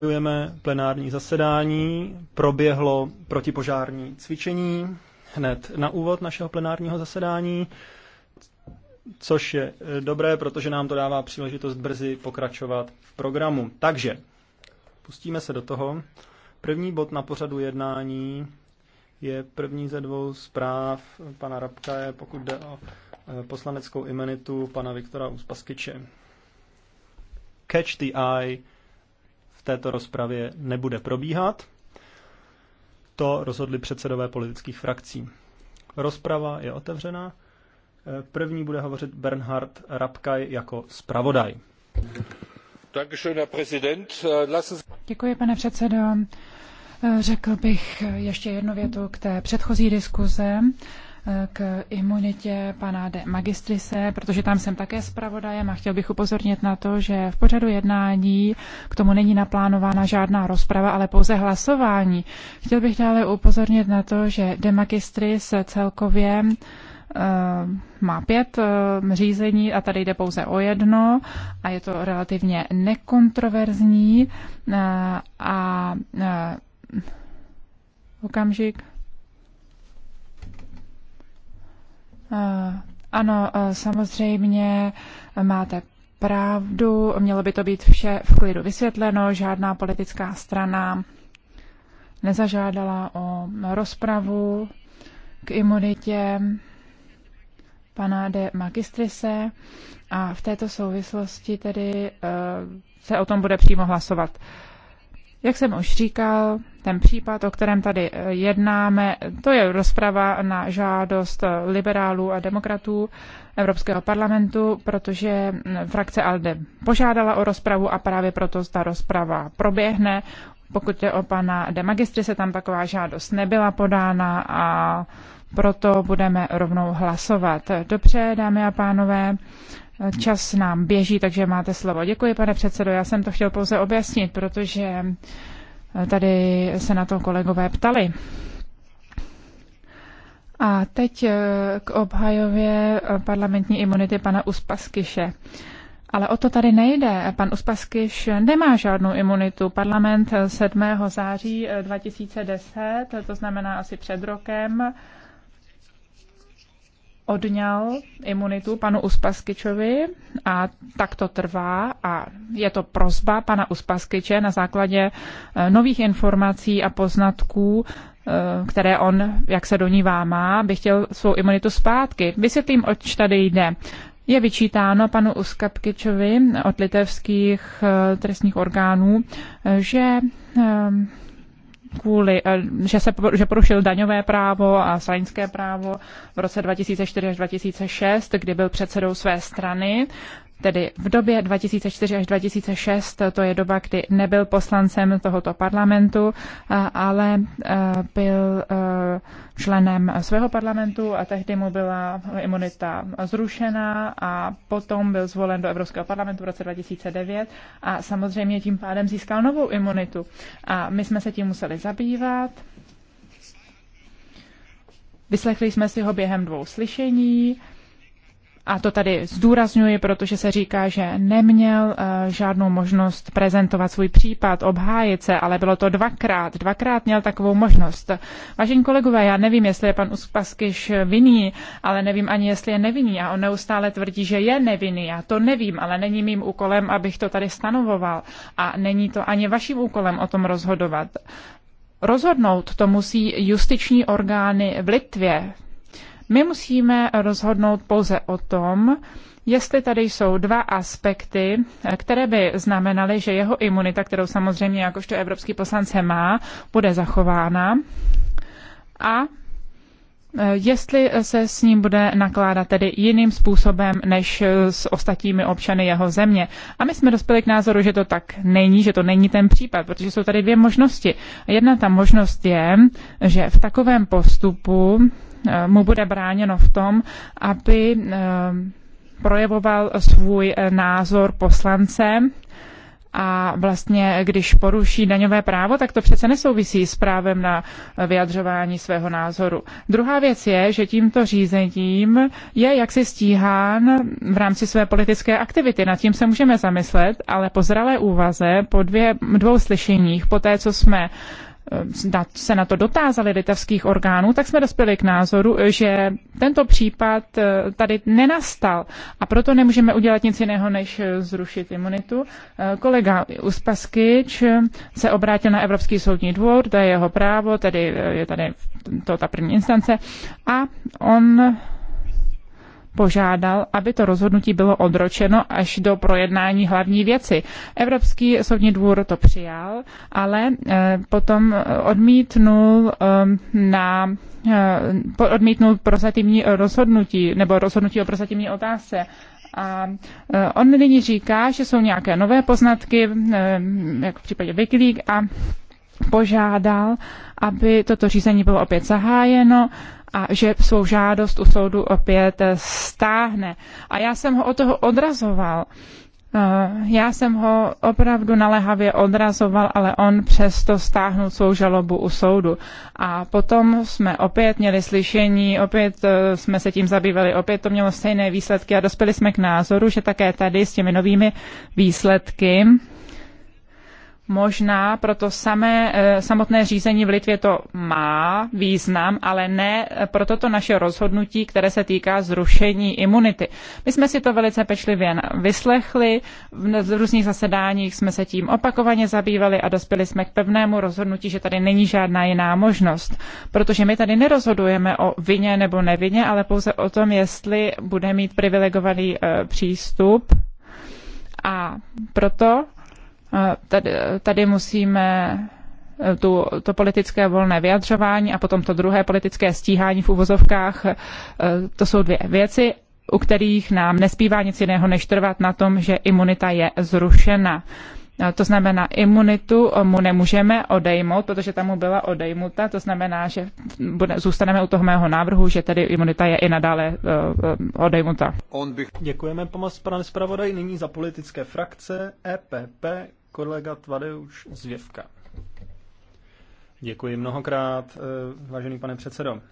Děkujeme plenární zasedání. Proběhlo protipožární cvičení hned na úvod našeho plenárního zasedání, což je eh, dobré, protože nám to dává příležitost brzy pokračovat v programu. Takže pustíme se do toho. První bod na pořadu jednání je první ze dvou zpráv pana Rabka, je, pokud jde o eh, poslaneckou imenitu pana Viktora Uspaskyče. Catch the Eye této rozpravě nebude probíhat. To rozhodli předsedové politických frakcí. Rozprava je otevřená. První bude hovořit Bernhard Rabkaj jako zpravodaj. Děkuji, pane předsedo. Řekl bych ještě jednu větu k té předchozí diskuze k imunitě pana de magistrise, protože tam jsem také zpravodajem a chtěl bych upozornit na to, že v pořadu jednání k tomu není naplánována žádná rozprava, ale pouze hlasování. Chtěl bych dále upozornit na to, že de magistris celkově eh, má pět eh, řízení a tady jde pouze o jedno a je to relativně nekontroverzní eh, a okamžik Eh, ano, eh, samozřejmě máte pravdu, mělo by to být vše v klidu vysvětleno, žádná politická strana nezažádala o rozpravu k imunitě pana de Magistrise a v této souvislosti tedy eh, se o tom bude přímo hlasovat. Jak jsem už říkal, ten případ, o kterém tady eh, jednáme, to je rozprava na žádost eh, liberálů a demokratů Evropského parlamentu, protože mm, frakce ALDE požádala o rozpravu a právě proto ta rozprava proběhne. Pokud je o pana de magistry, se tam taková žádost nebyla podána a proto budeme rovnou hlasovat. Dobře, dámy a pánové, Čas nám běží, takže máte slovo. Děkuji, pane předsedo. Já jsem to chtěl pouze objasnit, protože eh, tady se na to kolegové ptali. A teď eh, k obhajově eh, parlamentní imunity pana Uspaskyše. Ale o to tady nejde. Pan Uspaskyš nemá žádnou imunitu. Parlament 7. září 2010, to znamená asi před rokem, odňal imunitu panu Uspaskyčovi a tak to trvá a je to prozba pana Uspaskyče na základě eh, nových informací a poznatků, eh, které on, jak se do ní má, by chtěl svou imunitu zpátky. Vysvětlím, oč tady jde. Je vyčítáno panu Uskapkyčovi od litevských eh, trestních orgánů, že kvůli, eh, že, se, že porušil daňové právo a stranické právo v roce 2004 až 2006, kdy byl předsedou své strany Tedy v době 2004 až 2006, to je doba, kdy nebyl poslancem tohoto parlamentu, ale e, byl e, členem svého parlamentu a tehdy mu byla imunita zrušena a potom byl zvolen do Evropského parlamentu v roce 2009 a samozřejmě tím pádem získal novou imunitu. A my jsme se tím museli zabývat. Vyslechli jsme si ho během dvou slyšení a to tady zdůrazňuji, protože se říká, že neměl eh, žádnou možnost prezentovat svůj případ, obhájit se, ale bylo to dvakrát. Dvakrát měl takovou možnost. Vážení kolegové, já nevím, jestli je pan Uspaskyš vinný, ale nevím ani, jestli je nevinný. A on neustále tvrdí, že je nevinný. Já to nevím, ale není mým úkolem, abych to tady stanovoval. A není to ani vaším úkolem o tom rozhodovat. Rozhodnout to musí justiční orgány v Litvě, my musíme rozhodnout pouze o tom, jestli tady jsou dva aspekty, které by znamenaly, že jeho imunita, kterou samozřejmě jakožto evropský poslance má, bude zachována a e, jestli se s ním bude nakládat tedy jiným způsobem než s ostatními občany jeho země. A my jsme dospěli k názoru, že to tak není, že to není ten případ, protože jsou tady dvě možnosti. Jedna ta možnost je, že v takovém postupu Eh, mu bude bráněno v tom, aby eh, projevoval svůj eh, názor poslancem a vlastně, když poruší daňové právo, tak to přece nesouvisí s právem na vyjadřování svého názoru. Druhá věc je, že tímto řízením je jaksi stíhán v rámci své politické aktivity. Nad tím se můžeme zamyslet, ale po zralé úvaze, po dvě, dvou slyšeních, po té, co jsme uh, Eh, se na to dotázali litevských orgánů, tak jsme dospěli k názoru, že tento případ eh, tady nenastal a proto nemůžeme udělat nic jiného, než eh, zrušit imunitu. Kolega Uspaskyč se obrátil na Evropský soudní dvůr, to je jeho právo, tedy je tady to ta první instance a on požádal, aby to rozhodnutí bylo odročeno až do projednání hlavní věci. Evropský soudní dvůr to přijal, ale eh, potom odmítnul ehm, na eh, odmítnul prozatímní rozhodnutí nebo rozhodnutí o prozatímní otázce. A eh, on nyní říká, že jsou nějaké nové poznatky, jako v případě Wikileaks, a požádal, aby toto řízení bylo opět zahájeno a že svou žádost u soudu opět stáhne. A já jsem ho od toho odrazoval. Eh, já jsem ho opravdu naléhavě odrazoval, ale on přesto stáhnul svou žalobu u soudu. A potom jsme opět měli slyšení, opět eh, jsme se tím zabývali, opět to mělo stejné výsledky a dospěli jsme k názoru, že také tady s těmi novými výsledky možná, proto samé, eh, samotné řízení v Litvě to má význam, ale ne proto to naše rozhodnutí, které se týká zrušení imunity. My jsme si to velice pečlivě vyslechli, v různých zasedáních jsme se tím opakovaně zabývali a dospěli jsme k pevnému rozhodnutí, že tady není žádná jiná možnost, protože my tady nerozhodujeme o vině nebo nevině, ale pouze o tom, jestli bude mít privilegovaný eh, přístup a proto tady, tady musíme eh, tu, to politické volné vyjadřování a potom to druhé politické stíhání v uvozovkách, eh, to jsou dvě věci, u kterých nám nespívá nic jiného, než trvat na tom, že imunita je zrušena. To znamená, imunitu mu nemůžeme odejmout, protože tam mu byla odejmuta. To znamená, že bude, zůstaneme u toho mého návrhu, že tedy imunita je i nadále uh, odejmuta. Děkujeme, pomoc, pane zpravodaj. Nyní za politické frakce EPP kolega Tvadeuš Zvěvka. Děkuji mnohokrát, eh, vážený pane předsedo.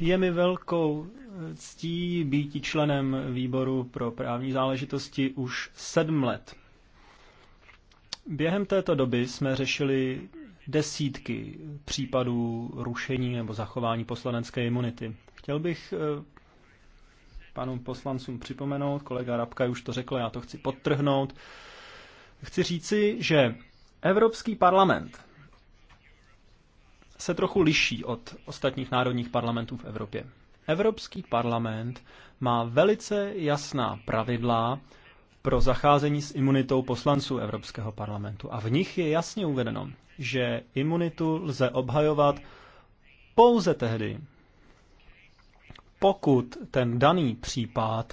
Je mi velkou ctí být členem výboru pro právní záležitosti už sedm let. Během této doby jsme řešili desítky případů rušení nebo zachování poslanecké imunity. Chtěl bych eh, panům poslancům připomenout, kolega Rabka už to řekl, já to chci podtrhnout. Chci říci, že Evropský parlament se trochu liší od ostatních národních parlamentů v Evropě. Evropský parlament má velice jasná pravidla pro zacházení s imunitou poslanců Evropského parlamentu. A v nich je jasně uvedeno, že imunitu lze obhajovat pouze tehdy, pokud ten daný případ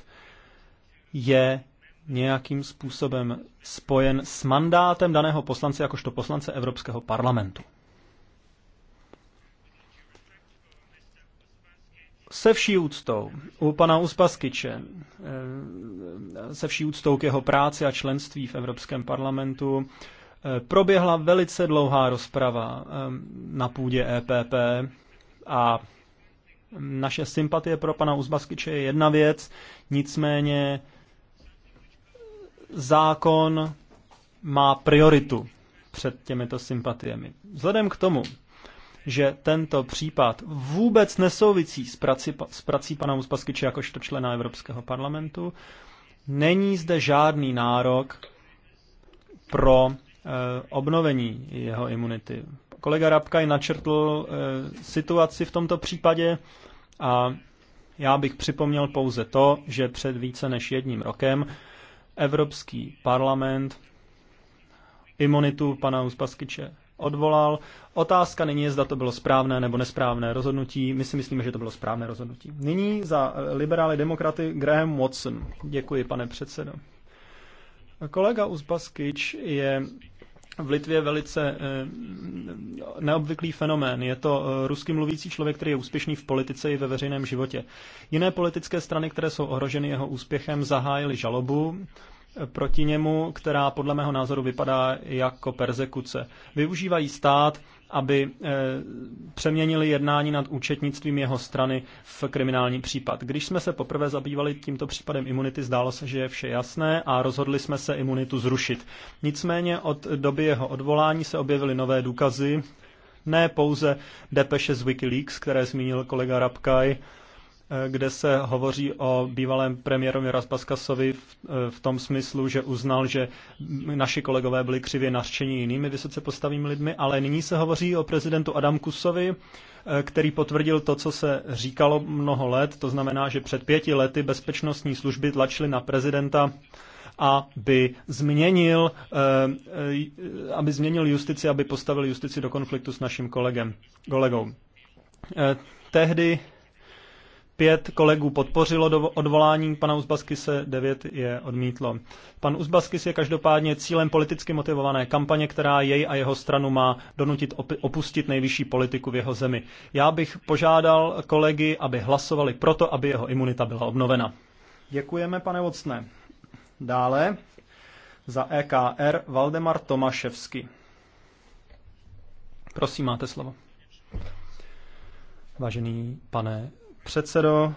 je nějakým způsobem spojen s mandátem daného poslance jakožto poslance Evropského parlamentu. Se vší úctou u pana Uspaskyče, eh, se vší úctou k jeho práci a členství v Evropském parlamentu, eh, proběhla velice dlouhá rozprava eh, na půdě EPP a naše sympatie pro pana Uzbaskyče je jedna věc, nicméně zákon má prioritu před těmito sympatiemi. Vzhledem k tomu, že tento případ vůbec nesouvisí s prací, s prací pana Uzbaskyče jakožto člena Evropského parlamentu, není zde žádný nárok pro e, obnovení jeho imunity. Kolega Rabkaj načrtl eh, situaci v tomto případě a já bych připomněl pouze to, že před více než jedním rokem Evropský parlament imunitu pana Uspaskyče odvolal. Otázka není, zda to bylo správné nebo nesprávné rozhodnutí. My si myslíme, že to bylo správné rozhodnutí. Nyní za eh, liberály demokraty Graham Watson. Děkuji, pane předsedo. Kolega Uzbaskyč je v Litvě velice eh, neobvyklý fenomén. Je to eh, rusky mluvící člověk, který je úspěšný v politice i ve veřejném životě. Jiné politické strany, které jsou ohroženy jeho úspěchem, zahájily žalobu proti němu, která podle mého názoru vypadá jako persekuce. Využívají stát, aby eh, přeměnili jednání nad účetnictvím jeho strany v kriminální případ. Když jsme se poprvé zabývali tímto případem imunity, zdálo se, že je vše jasné a rozhodli jsme se imunitu zrušit. Nicméně od doby jeho odvolání se objevily nové důkazy, ne pouze depeše z Wikileaks, které zmínil kolega Rabkaj, Eh, kde se hovoří o bývalém premiérovi Raspaskasovi v, eh, v tom smyslu, že uznal, že naši kolegové byli křivě nařčeni jinými vysoce postavými lidmi, ale nyní se hovoří o prezidentu Adam Kusovi, eh, který potvrdil to, co se říkalo mnoho let, to znamená, že před pěti lety bezpečnostní služby tlačily na prezidenta aby změnil, aby změnil justici, aby postavil justici do konfliktu s naším kolegem, kolegou. Tehdy Pět kolegů podpořilo do odvolání pana Uzbaskise, devět je odmítlo. Pan Uzbaskis je každopádně cílem politicky motivované kampaně, která jej a jeho stranu má donutit opustit nejvyšší politiku v jeho zemi. Já bych požádal kolegy, aby hlasovali proto, aby jeho imunita byla obnovena. Děkujeme, pane Vocne. Dále za EKR Valdemar Tomaševsky. Prosím, máte slovo. Vážený pane předsedo,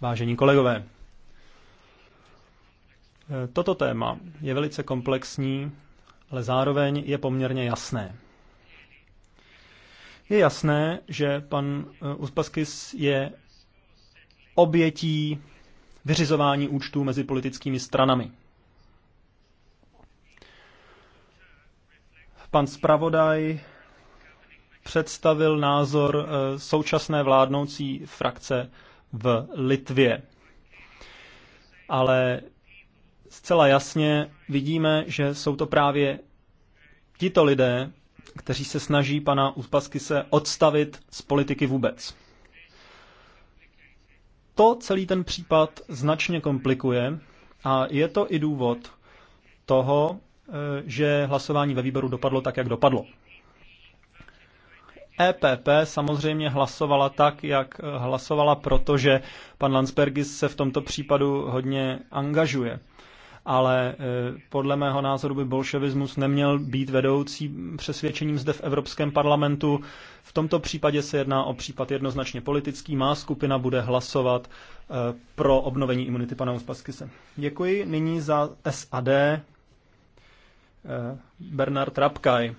vážení kolegové. Toto téma je velice komplexní, ale zároveň je poměrně jasné. Je jasné, že pan eh, Uspaskis je obětí vyřizování účtů mezi politickými stranami. Pan zpravodaj představil názor eh, současné vládnoucí frakce v Litvě. Ale zcela jasně vidíme, že jsou to právě tito lidé, kteří se snaží pana se odstavit z politiky vůbec. To celý ten případ značně komplikuje a je to i důvod toho, eh, že hlasování ve výboru dopadlo tak, jak dopadlo. EPP samozřejmě hlasovala tak, jak hlasovala, protože pan Landsbergis se v tomto případu hodně angažuje. Ale e, podle mého názoru by bolševismus neměl být vedoucí přesvědčením zde v Evropském parlamentu. V tomto případě se jedná o případ jednoznačně politický. Má skupina bude hlasovat e, pro obnovení imunity pana Uspaskise. Děkuji. Nyní za SAD e, Bernard Rapkaj.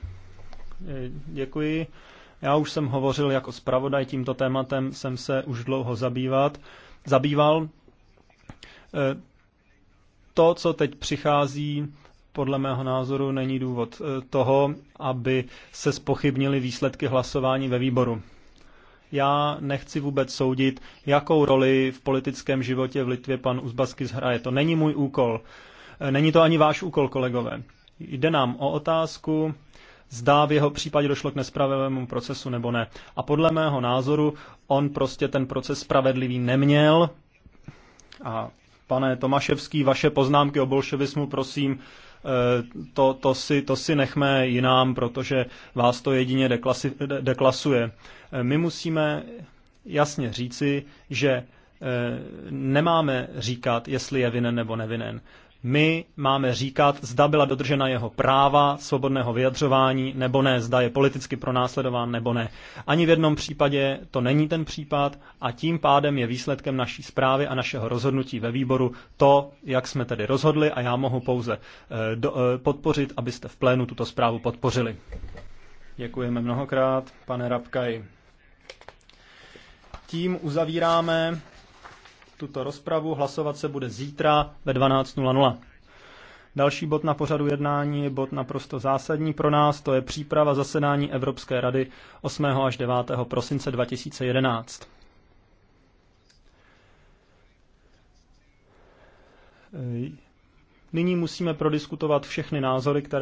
Děkuji. Já už jsem hovořil jako zpravodaj tímto tématem, jsem se už dlouho zabývat, zabýval. E, to, co teď přichází, podle mého názoru není důvod e, toho, aby se spochybnili výsledky hlasování ve výboru. Já nechci vůbec soudit, jakou roli v politickém životě v Litvě pan Uzbaskis hraje. To není můj úkol. E, není to ani váš úkol, kolegové. Jde nám o otázku, zdá v jeho případě došlo k nespravedlivému procesu nebo ne. A podle mého názoru on prostě ten proces spravedlivý neměl. A pane Tomaševský, vaše poznámky o bolševismu, prosím, eh, to, to, si, to si nechme jinám, protože vás to jedině deklasi, deklasuje. Eh, my musíme jasně říci, že eh, nemáme říkat, jestli je vinen nebo nevinen. My máme říkat, zda byla dodržena jeho práva svobodného vyjadřování nebo ne, zda je politicky pronásledován nebo ne. Ani v jednom případě to není ten případ a tím pádem je výsledkem naší zprávy a našeho rozhodnutí ve výboru to, jak jsme tedy rozhodli a já mohu pouze eh, do, eh, podpořit, abyste v plénu tuto zprávu podpořili. Děkujeme mnohokrát, pane Rabkaj. Tím uzavíráme tuto rozpravu. Hlasovat se bude zítra ve 12.00. Další bod na pořadu jednání je bod naprosto zásadní pro nás, to je příprava zasedání Evropské rady 8. až 9. prosince 2011. Nyní musíme prodiskutovat všechny názory, které